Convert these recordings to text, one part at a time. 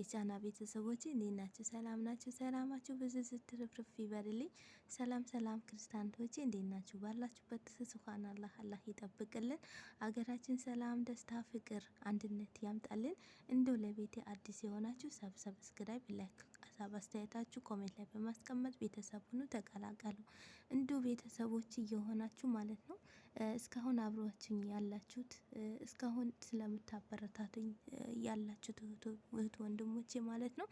የቻና ቤተሰቦች እንዴት ናቸው? ሰላም ናቸው? ሰላማችሁ ብዙ ስትርፍርፍ ይበልልኝ። ሰላም ሰላም ክርስቲያኖች እንዴት ናችሁ? ባላችሁበት ስብሃን አላህ አላህ ይጠብቅልን። አገራችን ሰላም፣ ደስታ፣ ፍቅር፣ አንድነት ያምጣልን። እንደው ለቤቴ አዲስ የሆናችሁ ሰብሰብ፣ ሰብስክራይብ፣ ላይክ ሀሳብ አስተያየታችሁ ኮሜንት ላይ በማስቀመጥ ቤተሰብ ሁኑ ተቀላቀሉ። እንዲሁ ቤተሰቦች እየሆናችሁ ማለት ነው። እስካሁን አብሯችኝ ያላችሁት እስካሁን ስለምታበረታቱኝ ያላችሁት እህት ወንድሞቼ ማለት ነው።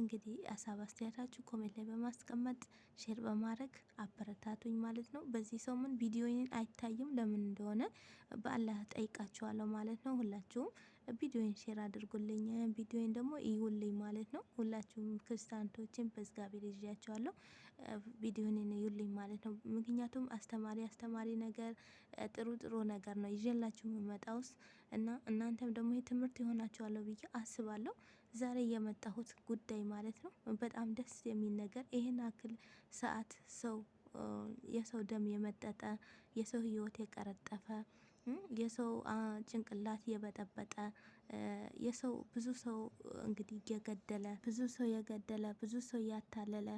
እንግዲህ ሀሳብ አስተያየታችሁ ኮሜንት ላይ በማስቀመጥ ሼር በማድረግ አበረታቱኝ ማለት ነው። በዚህ ሰሞን ቪዲዮዬን አይታይም ለምን እንደሆነ በአላህ ጠይቃችኋለሁ ማለት ነው። ሁላችሁም ቪዲዮን ሼር አድርጉልኝ፣ ቪዲዮን ደግሞ እዩልኝ ማለት ነው። ሁላችሁም ክርስቲያንቶችን በእግዚአብሔር ይዣቸዋለሁ። ቪዲዮን እዩልኝ ማለት ነው። ምክንያቱም አስተማሪ አስተማሪ ነገር ጥሩ ጥሩ ነገር ነው ይዤላችሁ የምመጣው እና እናንተም ደግሞ ትምህርት ይሆናችኋለሁ ብዬ አስባለሁ። ዛሬ የመጣሁት ጉዳይ ማለት ነው በጣም ደስ የሚል ነገር ይህን አክል ሰዓት ሰው የሰው ደም የመጠጠ የሰው ህይወት የቀረጠፈ የሰው ጭንቅላት የበጠበጠ የሰው ብዙ ሰው እንግዲህ የገደለ ብዙ ሰው የገደለ ብዙ ሰው እያታለለ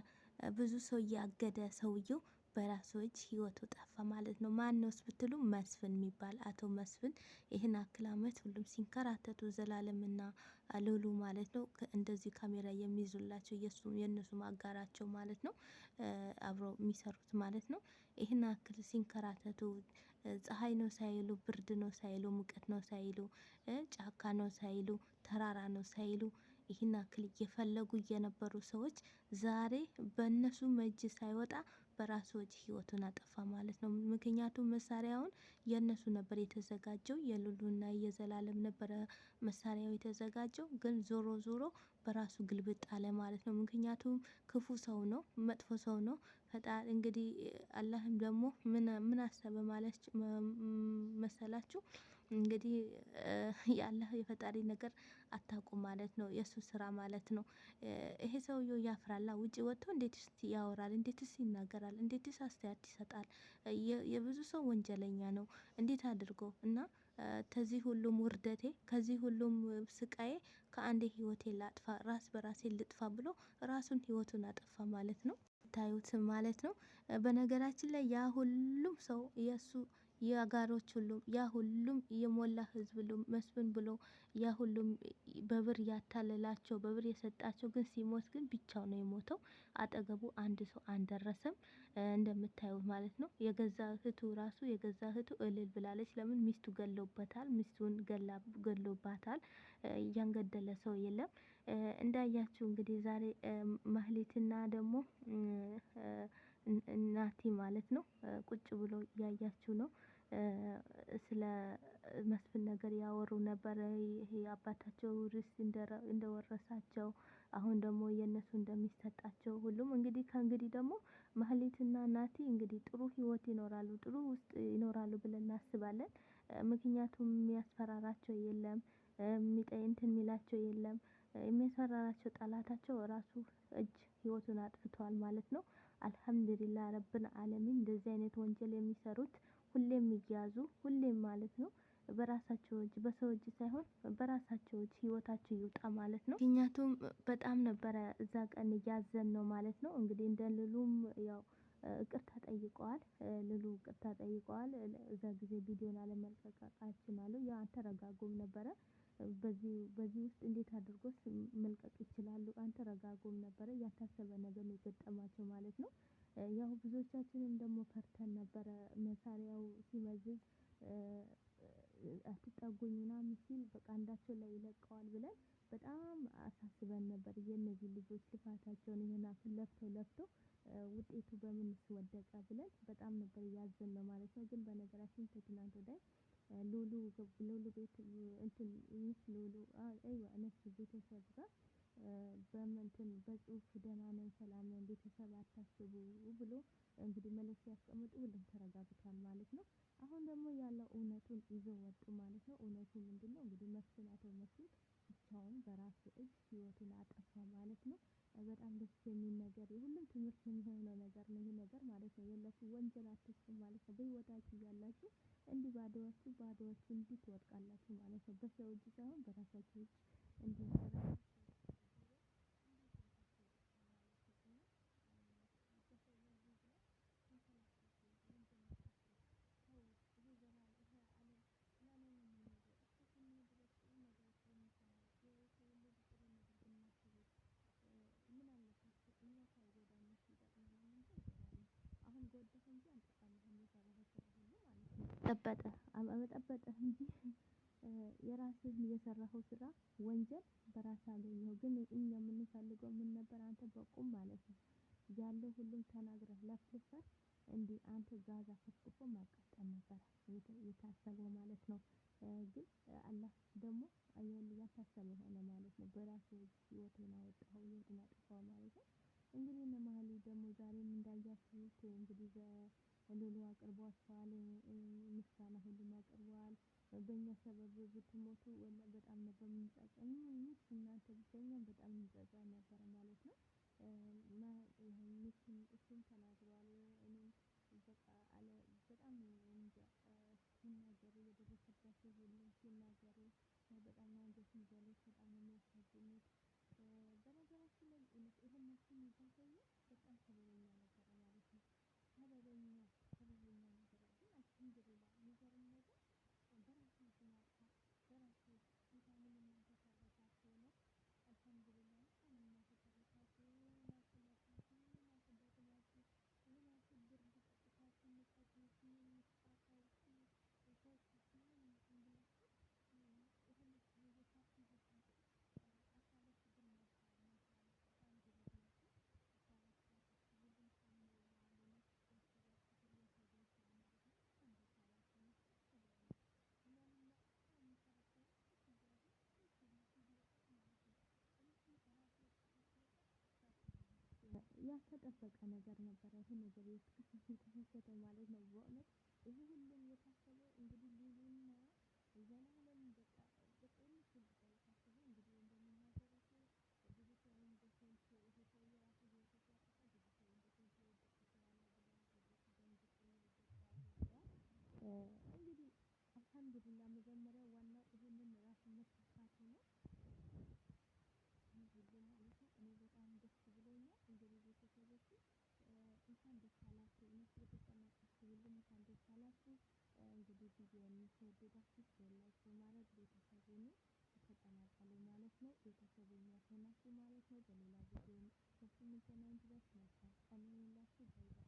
ብዙ ሰው እያገደ ሰውየው በራሱ እጅ ህይወቱ ጠፋ ማለት ነው። ማን ብትሉ መስፍን የሚባል አቶ መስፍን ይህን አክል አመት ሁሉም ሲንከራተቱ ዘላለምና ልሉ ማለት ነው። እንደዚህ ካሜራ የሚይዙላቸው የእነሱ አጋራቸው ማለት ነው። አብረው የሚሰሩት ማለት ነው። ይህን አክል ሲንከራተቱ ፀሐይ ነው ሳይሉ፣ ብርድ ነው ሳይሉ፣ ሙቀት ነው ሳይሉ፣ ጫካ ነው ሳይሉ፣ ተራራ ነው ሳይሉ ይህን አክል እየፈለጉ የነበሩ ሰዎች ዛሬ በእነሱ መጅ ሳይወጣ በራሱ ህይወቱን አጠፋ ማለት ነው። ምክንያቱም መሳሪያውን የእነሱ ነበር የተዘጋጀው የሉሉና የዘላለም ነበረ መሳሪያው የተዘጋጀው ግን ዞሮ ዞሮ በራሱ ግልብጥ አለ ማለት ነው። ምክንያቱም ክፉ ሰው ነው፣ መጥፎ ሰው ነው። ፈጣሪ እንግዲህ አላህም ደግሞ ምን ምን አሰበ ማለት መሰላችሁ? እንግዲህ ያለህ የፈጣሪ ነገር አታውቁም ማለት ነው። የእሱ ስራ ማለት ነው። ይሄ ሰውዬው ያፍራላ። ውጭ ወጥቶ እንዴትስ ያወራል? እንዴትስ ይናገራል? እንዴትስ አስተያየት ይሰጣል? የብዙ ሰው ወንጀለኛ ነው። እንዴት አድርጎ እና ከዚህ ሁሉም ውርደቴ ከዚህ ሁሉም ስቃዬ ከአንዴ ህይወቴ ላጥፋ፣ ራስ በራሴ ልጥፋ ብሎ ራሱን ህይወቱን አጠፋ ማለት ነው። ታዩት ማለት ነው። በነገራችን ላይ ያ ሁሉም ሰው የእሱ የአጋሮች ሁሉም ያ ሁሉም የሞላ ህዝብ ሁሉ መስፍን ብሎ ያ ሁሉም በብር ያታለላቸው በብር የሰጣቸው ግን ሲሞት ግን ብቻው ነው የሞተው። አጠገቡ አንድ ሰው አንደረሰም እንደምታዩት ማለት ነው። የገዛ እህቱ ራሱ የገዛ እህቱ እልል ብላለች። ለምን ሚስቱ ገሎበታል፣ ሚስቱን ገሎባታል። እያንገደለ ሰው የለም። እንዳያችሁ እንግዲህ ዛሬ ማህሌትና ደግሞ ናቲ ማለት ነው ቁጭ ብሎ እያያችሁ ነው። ስለ መስፍን ነገር ያወሩ ነበረ። ይሄ አባታቸው ርስት እንደወረሳቸው አሁን ደግሞ የእነሱ እንደሚሰጣቸው ሁሉም እንግዲህ ከእንግዲህ ደግሞ ማህሌትና ናቲ እንግዲህ ጥሩ ህይወት ይኖራሉ፣ ጥሩ ውስጥ ይኖራሉ ብለን እናስባለን። ምክንያቱም የሚያስፈራራቸው የለም፣ እንትን የሚላቸው የለም። የሚያስፈራራቸው ጠላታቸው ራሱ እጅ ህይወቱን አጥፍተዋል ማለት ነው። አልሐምዱሊላ ረብን አለሚን እንደዚህ አይነት ወንጀል የሚሰሩት ሁሌም ይያዙ። ሁሌም ማለት ነው በራሳቸው እጅ በሰው እጅ ሳይሆን በራሳቸው እጅ ህይወታቸው ይውጣ ማለት ነው። ምክንያቱም በጣም ነበረ እዛ ቀን እያዘን ነው ማለት ነው። እንግዲህ እንደ ልሉም ያው ይቅርታ ጠይቀዋል። ልሉ ይቅርታ ጠይቀዋል። እዛ ጊዜ ቪዲዮን አለመልቀቅ አሉ ያው አልተረጋጉም ነበረ። በዚህ በዚህ ውስጥ እንዴት አድርጎት መልቀቅ ይችላሉ? አንተረጋጉም ነበረ። ያልታሰበ ነገር ነው የገጠማቸው ማለት ነው። ያው ብዙዎቻችንም ደግሞ ፈርተን ነበረ መሳሪያው ሲመዝዝ አትጠጉኝ ምናምን ሲል በቃ አንዳቸው ላይ ይለቀዋል ብለን በጣም አሳስበን ነበር። የእነዚህ ልጆች ልፋታቸውን ይህን አሁን ለፍተው ለፍተው ውጤቱ በምንስ ወደቀ ብለን በጣም ነበር እያዘን ነው ማለት ነው። ግን በነገራችን ከትናንት ወዲያ ሉሉ ቤት እንትን ይህ ሉሉ አይዋ እነሱ ቤተሰብ ጋር በምንትን በጽሁፍ ደህና ነን፣ ሰላም ነን፣ ቤተሰብ አታስቡ ብሎ እንግዲህ መልእክት ሲያስቀምጡ ሁሉም ተረጋግቷል ማለት ነው። አሁን ደግሞ ያለው እውነቱን ይዞ ወጡ ማለት ነው። እውነቱ ምንድን ነው እንግዲህ መስፍን አቶ መስፍን ብቻውን በራሱ እጅ ህይወቱን አጠፋ ማለት ነው። በጣም ደስ የሚል ነገር የሁሉም ትምህርት የሚሆነው ነገር ነው ይህ ነገር ማለት ነው። የለሱ ወንጀል አትስሩ ማለት ነው። በህይወታችሁ እያላችሁ እንዲህ ባዶዎቹ ባዶዎቹ እንዲህ ትወድቃላችሁ ማለት ነው። በሰው እጅ ሳይሆን በራሳችሁ እጅ እንዲህ አበጠበጠ አበጠበጠ እንጂ የራስህን የሰራኸው ስራ ወንጀል በራስህ አገኘው። ግን እኛ የምንፈልገው ምን ነበር? አንተ በቁም ማለት ነው ያለው ሁሉም ተናግረህ ለፍልፈህ እንዲህ አንተ ጋዛ ፍትፍቶ ማቃጠል ነበር የታሰበው ማለት ነው። ግን አላህ ደግሞ ያልታሰበ ሆነ ማለት ነው። በራሱ ህይወቱን አወጣው ህይወቱን አጠፋው ማለት ነው። እንግዲህ እነ መሀሌ ደግሞ ዛሬም እንዳያችሁት እንግዲህ በሉሉ አቅርቧቸዋል። በእኛ ሰበብ ብትሞቱ ወላሂ በጣም ነበር የምንጻጸመው። ይህ እናንተ ብትሆኑ በጣም እንጻጸም ነበር ማለት ነው። እና ይህን እሱም ተናግሯል። እኔም በቃ አለ በጣም እንጃ ሲናገሩ የደረሰባቸው ሁሉም ሲናገሩ በጣም አንገት የሚበሉት በጣም ነው የሚያሳዝኑት። በነገራችን ላይ ይህን ያክል የሚያሳዝኑት ያልተጠበቀ ነገር ነበረ። ይሄ ነገር የተከሰተው ማለት ነው። በእውነት ይሄ ሁሉም የታሰበው እንግዲህ ሉሉና ዘላለም በቃ በትንሽ ጉዳይ የታሰበው እንግዲህ እንደሚናገረው ብዙ ሰው ኢንቨስትመንት የራሱ ቤት ሲያጠፋ ብዙ ሰው ኢንቨስትመንት ሊወደቅ እንግዲህ አልሐምዱሊላ መጀመሪያ ዋናው እንዴት አላችሁ? ምስል ተጠናቀቅኩ ልምታ እንዴት አላችሁ? እንግዲህ ብዙ የሚተወደዳችሁ ያላችሁ ማለት ቤተሰብ ሆኖ ማለት ነው። ቤተሰብ ሆናችሁ ማለት ነው። በሌላ ጊዜ በስምንት ሰማንት ድረስ መልካም ቀን ይሁንላችሁ። ባይ ባይ።